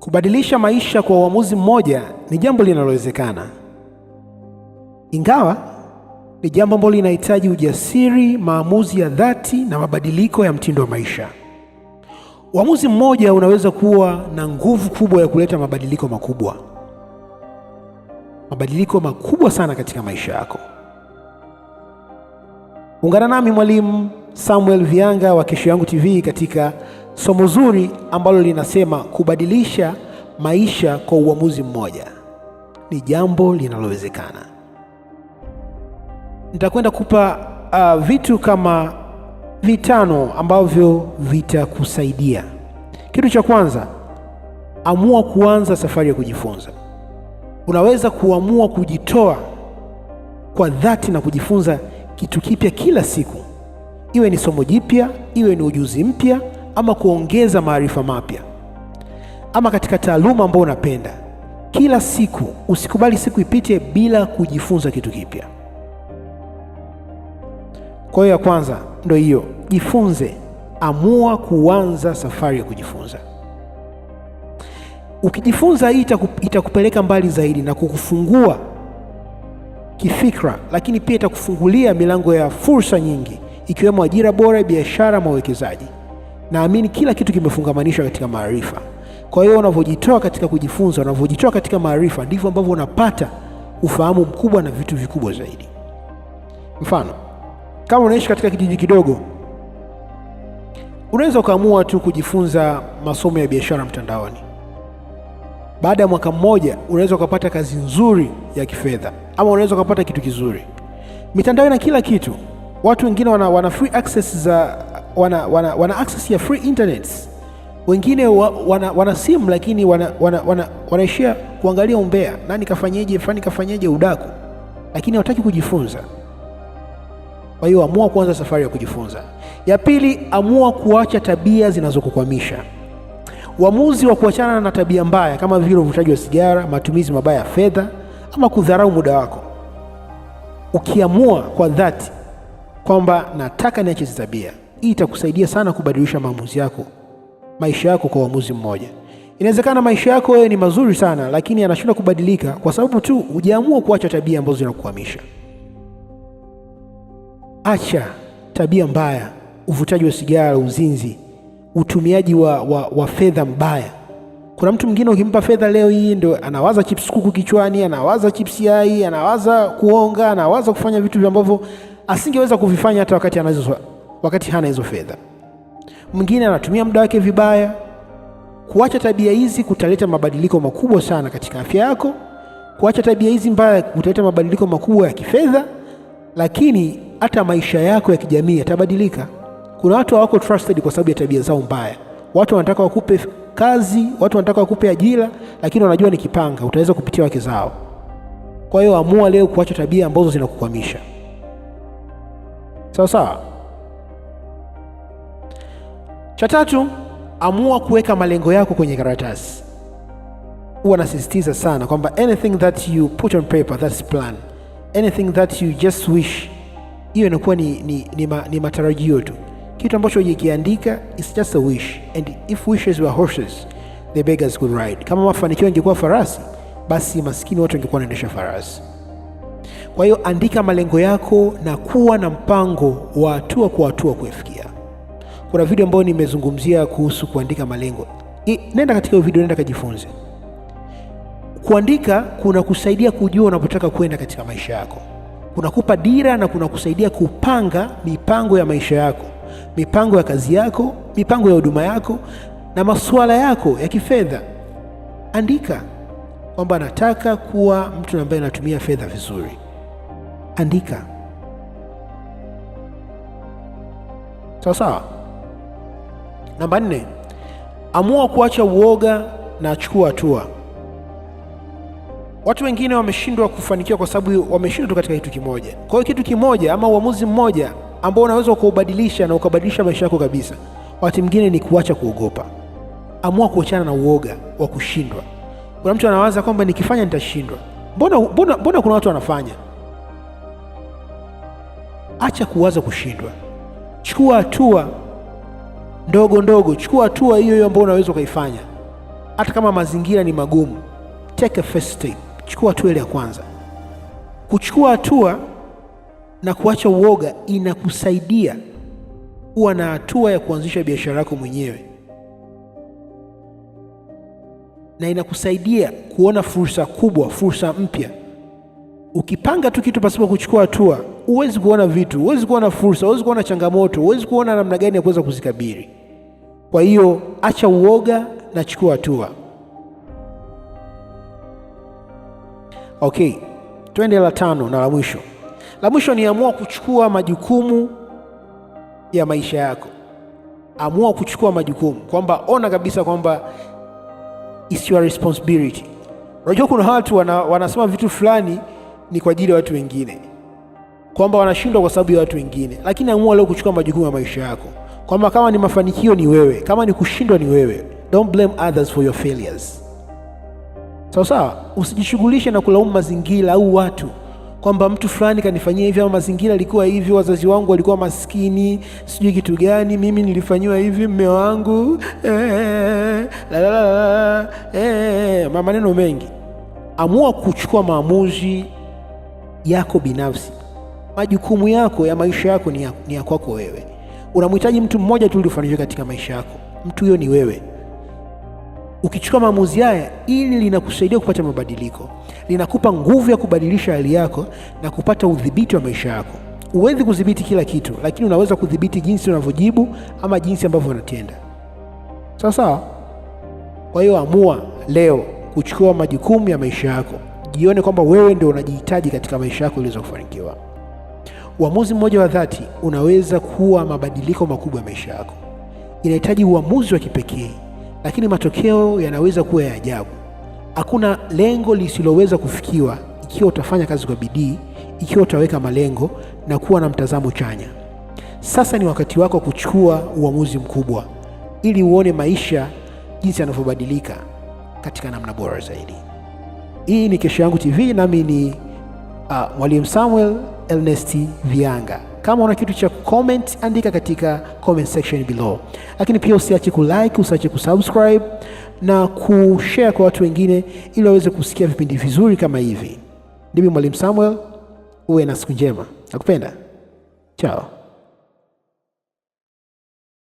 Kubadilisha maisha kwa uamuzi mmoja ni jambo linalowezekana, ingawa ni jambo ambalo linahitaji ujasiri, maamuzi ya dhati na mabadiliko ya mtindo wa maisha. Uamuzi mmoja unaweza kuwa na nguvu kubwa ya kuleta mabadiliko makubwa, mabadiliko makubwa sana katika maisha yako. Ungana nami Mwalimu Samuel Vianga wa Kesho Yangu TV katika somo zuri ambalo linasema kubadilisha maisha kwa uamuzi mmoja ni jambo linalowezekana. Nitakwenda kupa uh, vitu kama vitano ambavyo vitakusaidia. Kitu cha kwanza, amua kuanza safari ya kujifunza. Unaweza kuamua kujitoa kwa dhati na kujifunza kitu kipya kila siku, iwe ni somo jipya, iwe ni ujuzi mpya ama kuongeza maarifa mapya ama katika taaluma ambayo unapenda. Kila siku usikubali siku ipite bila kujifunza kitu kipya. Kwa hiyo ya kwanza ndo hiyo, jifunze. Amua kuanza safari ya kujifunza. Ukijifunza hii itakupeleka mbali zaidi na kukufungua kifikra, lakini pia itakufungulia milango ya fursa nyingi, ikiwemo ajira bora, biashara, mawekezaji. Naamini kila kitu kimefungamanishwa katika maarifa. Kwa hiyo unavyojitoa katika kujifunza, unavyojitoa katika maarifa, ndivyo ambavyo unapata ufahamu mkubwa na vitu vikubwa zaidi. Mfano, kama unaishi katika kijiji kidogo, unaweza ukaamua tu kujifunza masomo ya biashara mtandaoni. Baada ya mwaka mmoja, unaweza ukapata kazi nzuri ya kifedha, ama unaweza ukapata kitu kizuri. Mitandao ina kila kitu. Watu wengine wana, wana free access za wana, wana, wana access ya free internet, wengine wa, wana, wana simu lakini wanaishia wana, wana, wana kuangalia umbea, nani kafanyeje, fani kafanyeje, udaku, lakini hawataki kujifunza. Kwa hiyo amua kuanza safari ya kujifunza. Ya pili, amua kuacha tabia zinazokukwamisha. Uamuzi wa kuachana na tabia mbaya kama vile uvutaji wa sigara, matumizi mabaya ya fedha ama kudharau muda wako. Ukiamua kwa dhati kwamba nataka niache hizi tabia hii itakusaidia sana kubadilisha maamuzi yako, maisha yako kwa uamuzi mmoja. Inawezekana maisha yako wewe ni mazuri sana, lakini yanashindwa kubadilika kwa sababu tu hujaamua kuacha tabia ambazo zinakuhamisha. Acha tabia mbaya, uvutaji wa sigara, uzinzi, utumiaji wa, wa, wa fedha mbaya. Kuna mtu mwingine ukimpa fedha leo hii ndo anawaza chips kuku kichwani, anawaza chips yai, anawaza kuonga, anawaza kufanya vitu ambavyo asingeweza kuvifanya hata wakati anazo wakati hana hizo fedha. Mwingine anatumia muda wake vibaya. Kuacha tabia hizi kutaleta mabadiliko makubwa sana katika afya yako. Kuacha tabia hizi mbaya kutaleta mabadiliko makubwa ya kifedha, lakini hata maisha yako ya kijamii yatabadilika. Kuna watu hawako trusted kwa sababu ya tabia zao mbaya. Watu wanataka wakupe kazi, watu wanataka wakupe ajira, lakini wanajua ni kipanga, utaweza kupitia wake zao. Kwa hiyo amua leo kuacha tabia ambazo zinakukwamisha. Sawa sawa. Cha tatu, amua kuweka malengo yako kwenye karatasi. Huwa nasisitiza sana kwamba anything that you put on paper that's plan, anything that you just wish, hiyo inakuwa ni, ni, ni, ma, ni matarajio tu. Kitu ambacho ujikiandika is just a wish and if wishes were horses the beggars could ride. Kama mafanikio yangekuwa farasi, basi maskini watu wangekuwa wanaendesha farasi. Kwa hiyo andika malengo yako na kuwa na mpango wa hatua kwa hatua kuifikia. Kuna video ambayo nimezungumzia kuhusu kuandika malengo. I, nenda katika hiyo video, nenda kajifunze. Kuandika kuna kusaidia kujua unapotaka kwenda katika maisha yako, kunakupa dira na kunakusaidia kupanga mipango ya maisha yako, mipango ya kazi yako, mipango ya huduma yako na masuala yako ya kifedha. Andika kwamba nataka kuwa mtu ambaye anatumia fedha vizuri. Andika sawa sawa. Namba nne, amua kuacha uoga na achukua hatua. Watu wengine wameshindwa kufanikiwa kwa sababu wameshindwa tu katika kitu kimoja. Kwa hiyo kitu kimoja ama uamuzi mmoja ambao unaweza ukaubadilisha na ukabadilisha maisha yako kabisa, wakati mwingine ni kuacha kuogopa. Amua kuachana na uoga wa kushindwa. Kuna mtu anawaza kwamba nikifanya nitashindwa. Mbona, mbona, mbona kuna watu wanafanya? Acha kuwaza kushindwa, chukua hatua ndogo ndogo. Chukua hatua hiyo hiyo ambayo unaweza ukaifanya, hata kama mazingira ni magumu. Take a first step, chukua hatua ile ya kwanza. Kuchukua hatua na kuacha uoga inakusaidia kuwa na hatua ya kuanzisha biashara yako mwenyewe, na inakusaidia kuona fursa kubwa, fursa mpya. Ukipanga tu kitu pasipo kuchukua hatua, huwezi kuona vitu, huwezi kuona fursa, huwezi kuona changamoto, huwezi kuona namna gani ya kuweza kuzikabili. Kwa hiyo acha uoga na chukua hatua. Okay, twende la tano na la mwisho. La mwisho ni amua kuchukua majukumu ya maisha yako. Amua kuchukua majukumu, kwamba ona kabisa kwamba it's your responsibility. Unajua kuna watu wana, wanasema vitu fulani ni kwa ajili ya watu wengine, kwamba wanashindwa kwa sababu ya watu wengine, lakini amua leo kuchukua majukumu ya maisha yako kwamba kama ni mafanikio ni wewe, kama ni kushindwa ni wewe. Don't blame others for your failures. Sawa sawa, usijishughulishe na kulaumu mazingira au watu kwamba mtu fulani kanifanyia hivi ama mazingira alikuwa hivi, wazazi wangu walikuwa maskini, sijui kitu gani, mimi nilifanyiwa hivi, mme wangu ee, la, la, la, eh, maneno mengi. Amua kuchukua maamuzi yako binafsi. Majukumu yako ya maisha yako ni ya, ni ya kwako wewe. Unamhitaji mtu mmoja tu ili ufanikiwe katika maisha yako, mtu huyo ni wewe. Ukichukua maamuzi haya, ili linakusaidia kupata mabadiliko, linakupa nguvu ya kubadilisha hali yako na kupata udhibiti wa maisha yako. Huwezi kudhibiti kila kitu, lakini unaweza kudhibiti jinsi unavyojibu ama jinsi ambavyo unatenda. Sawa sawa. Kwa hiyo amua leo kuchukua majukumu ya maisha yako, jione kwamba wewe ndio unajihitaji katika maisha yako iliweza kufanikiwa. Uamuzi mmoja wa dhati unaweza kuwa mabadiliko makubwa ya maisha yako. Inahitaji uamuzi wa kipekee, lakini matokeo yanaweza kuwa ya ajabu. Hakuna lengo lisiloweza kufikiwa ikiwa utafanya kazi kwa bidii, ikiwa utaweka malengo na kuwa na mtazamo chanya. Sasa ni wakati wako wa kuchukua uamuzi mkubwa ili uone maisha jinsi yanavyobadilika katika namna bora zaidi. Hii ni Kesho Yangu TV, nami ni uh, Mwalimu Samuel Ernest Vianga. Kama una kitu cha comment, andika katika comment section below, lakini pia usiache kulike, usiache kusubscribe na kushare kwa watu wengine, ili waweze kusikia vipindi vizuri kama hivi. Ndimi Mwalimu Samuel, uwe na siku njema, nakupenda. Chao.